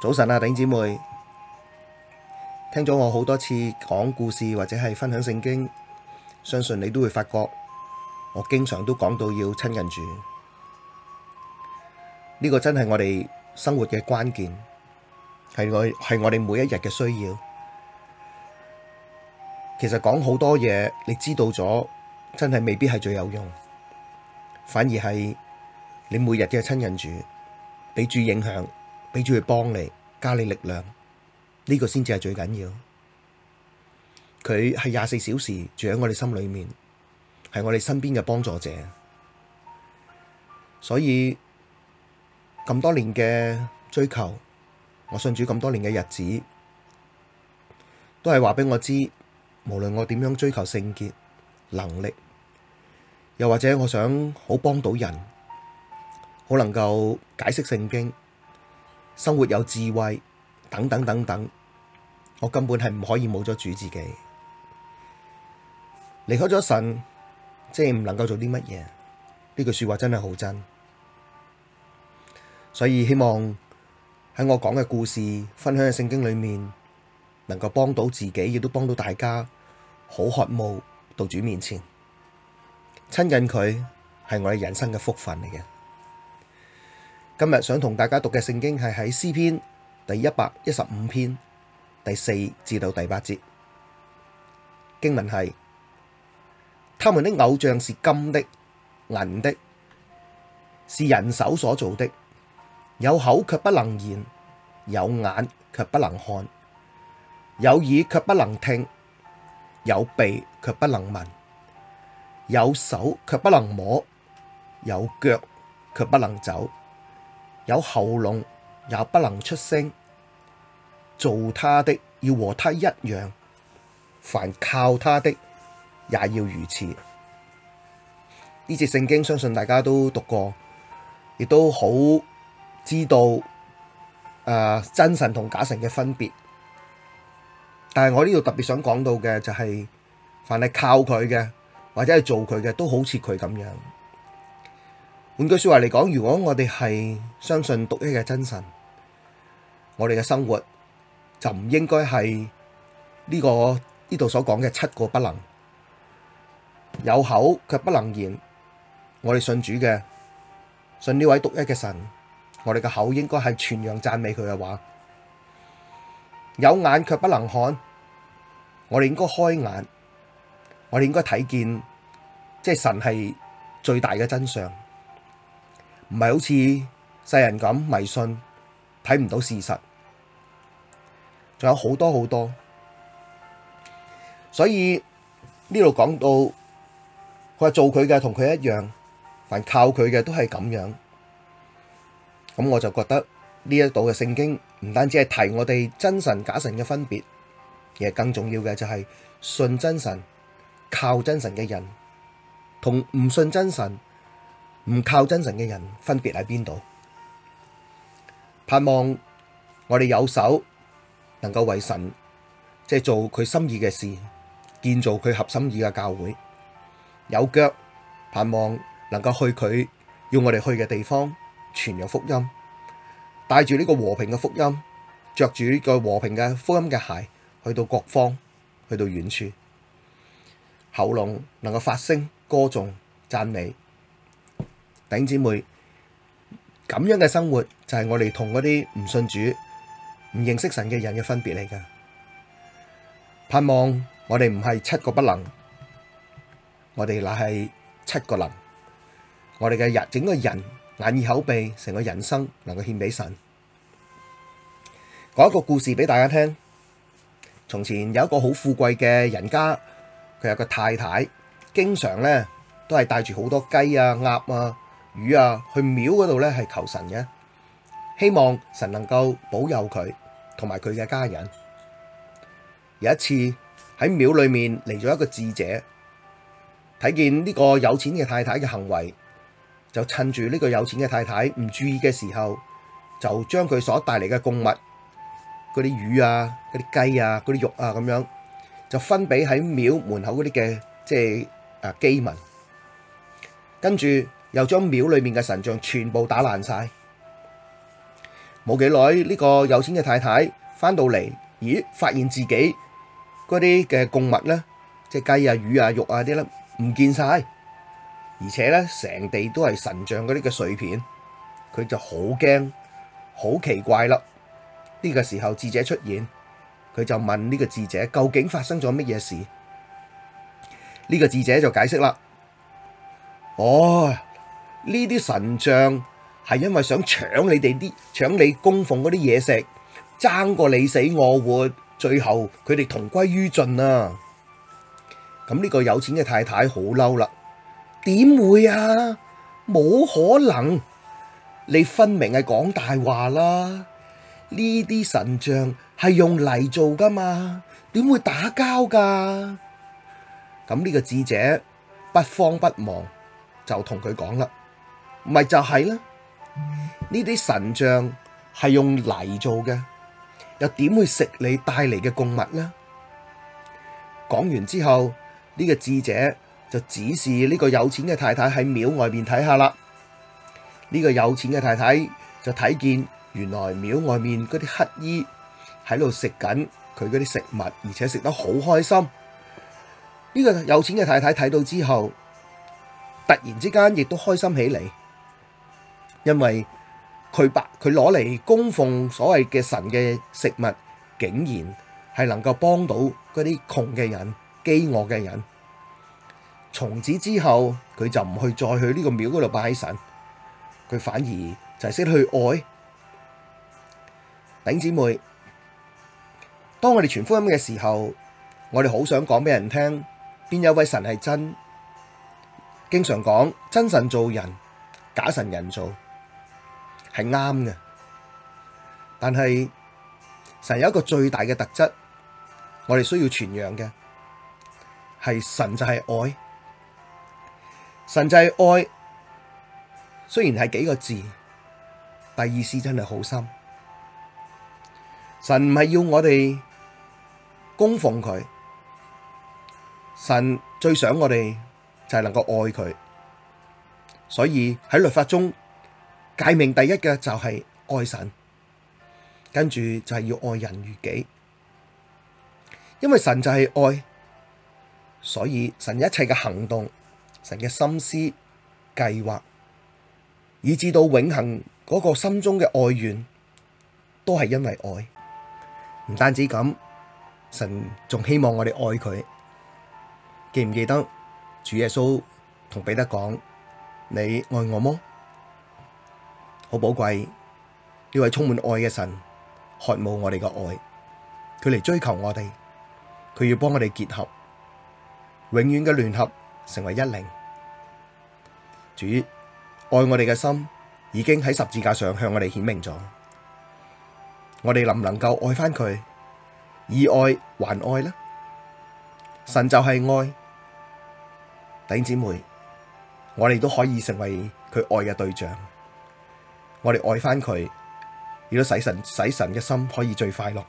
早晨啊，頂姐妹，聽咗我好多次講故事或者係分享聖經，相信你都會發覺，我經常都講到要親近主。呢個真係我哋生活嘅關鍵，係我係我哋每一日嘅需要。其實講好多嘢，你知道咗，真係未必係最有用，反而係你每日嘅親近主俾主影響。畀住佢幫你，加你力量，呢個先至係最緊要。佢係廿四小時住喺我哋心裏面，係我哋身邊嘅幫助者。所以咁多年嘅追求，我信主咁多年嘅日子，都係話畀我知，無論我點樣追求聖潔、能力，又或者我想好幫到人，好能夠解釋聖經，生活有智慧，等等等等，我根本係唔可以冇咗主自己，離開咗神，即係唔能夠做啲乜嘢。呢句說話真係好真，所以希望喺我講嘅故事、分享嘅聖經裏面，能夠幫到自己，亦都幫到大家。好渴慕到主面前親近佢，係我哋人生嘅福分嚟嘅。今日想同大家讀嘅聖經係喺詩篇第一百一十五篇第四至到第八節經文係，他們嘅偶像係金的，銀的，是人手所造的，有口卻不能言，有眼卻不能看，有耳卻不能聽，有鼻卻不能聞，有手卻不能摸，有腳卻不能走。有喉嚨也不能出聲，造他的要和他一樣，凡靠他的也要如此。呢節聖經相信大家都讀過，亦都好知道誒、呃、真神同假神嘅分別。但係我呢度特別想講到嘅就係、是，凡係靠佢嘅或者係做佢嘅，都好似佢咁樣。換句話說話嚟講，如果我哋係相信獨一嘅真神，我哋嘅生活就唔應該係呢個呢度所講嘅七個不能。有口却不能言，我哋信主嘅，信呢位獨一嘅神，我哋嘅口應該係全樣讚美佢嘅話。有眼却不能看，我哋應該開眼，我哋應該睇見，即係神係最大嘅真相。唔係好似世人咁迷信，睇唔到事實，仲有好多好多，所以呢度講到佢話做佢嘅同佢一樣，凡靠佢嘅都係咁樣，咁我就覺得呢一度嘅聖經唔單止係提我哋真神假神嘅分別，而係更重要嘅就係信真神靠真神嘅人同唔信真神。唔靠真神嘅人分別喺邊度？盼望我哋有手能夠為神即係、就是、做佢心意嘅事，建造佢合心意嘅教會；有腳盼望能夠去佢要我哋去嘅地方，傳揚福音，帶住呢個和平嘅福音，着住呢個和平嘅福音嘅鞋，去到各方，去到遠處，喉嚨能夠發聲歌頌讚美。弟兄姊妹，咁樣嘅生活就係我哋同嗰啲唔信主、唔認識神嘅人嘅分別嚟㗎。盼望我哋唔係七個不能，我哋乃係七個能。我哋嘅人，整個人眼耳口鼻，成個人生，能夠獻俾神。講一個故事俾大家聽。從前有一個好富貴嘅人家，佢有個太太，經常咧都係帶住好多雞啊、鴨啊。魚啊，去廟嗰度咧係求神嘅，希望神能夠保佑佢同埋佢嘅家人。有一次喺廟裏面嚟咗一個智者，睇見呢個有錢嘅太太嘅行為，就趁住呢個有錢嘅太太唔注意嘅時候，就將佢所帶嚟嘅供物，嗰啲魚啊、嗰啲雞啊、嗰啲肉啊咁樣，就分俾喺廟門口嗰啲嘅即係啊饑民，跟住。又將廟裏面嘅神像全部打爛晒，冇幾耐呢個有錢嘅太太翻到嚟，咦？發現自己嗰啲嘅供物咧，即係雞啊、魚啊、肉啊啲咧，唔見晒，而且咧成地都係神像嗰啲嘅碎片，佢就好驚，好奇怪啦！呢個時候智者出現，佢就問呢個智者究竟發生咗乜嘢事？呢個智者就解釋啦，哦。呢啲神像係因為想搶你哋啲搶你供奉嗰啲嘢食，爭過你死我活，最後佢哋同歸於盡啊！咁呢個有錢嘅太太好嬲啦，點會啊？冇可能！你分明係講大話啦！呢啲神像係用泥做噶嘛，點會打交噶？咁呢個智者不慌不忙就同佢講啦。咪就係啦！呢啲神像係用泥做嘅，又點會食你帶嚟嘅供物呢？講完之後，呢個智者就指示呢個有錢嘅太太喺廟外面睇下啦。呢個有錢嘅太太就睇見原來廟外面嗰啲乞衣喺度食緊佢嗰啲食物，而且食得好開心。呢個有錢嘅太太睇到之後，突然之間亦都開心起嚟。因為佢把佢攞嚟供奉所謂嘅神嘅食物，竟然係能夠幫到嗰啲窮嘅人、飢餓嘅人。從此之後，佢就唔去再去呢個廟嗰度拜神，佢反而就係識去愛。頂姊妹，當我哋傳福音嘅時候，我哋好想講俾人聽，邊有位神係真，經常講真神做人，假神人造。係啱嘅，但係神有一個最大嘅特質，我哋需要傳揚嘅，係神就係愛，神就係愛。雖然係幾個字，但意思真係好深。神唔係要我哋供奉佢，神最想我哋就係能夠愛佢，所以喺律法中。誡命第一嘅就係愛神，跟住就係要愛人如己，因為神就係愛，所以神一切嘅行動、神嘅心思計劃，以至到永恆嗰個心中嘅愛怨，都係因為愛。唔單止咁，神仲希望我哋愛佢。記唔記得主耶穌同彼得講：你愛我麼？好寶貴，呢位充滿愛嘅神渴慕我哋嘅愛，佢嚟追求我哋，佢要幫我哋結合，永遠嘅聯合成為一靈。主愛我哋嘅心已經喺十字架上向我哋顯明咗，我哋能唔能夠愛返佢，以愛還愛呢？神就係愛，弟兄姊妹，我哋都可以成為佢愛嘅對象。我哋愛返佢，要使神使神嘅心可以最快樂。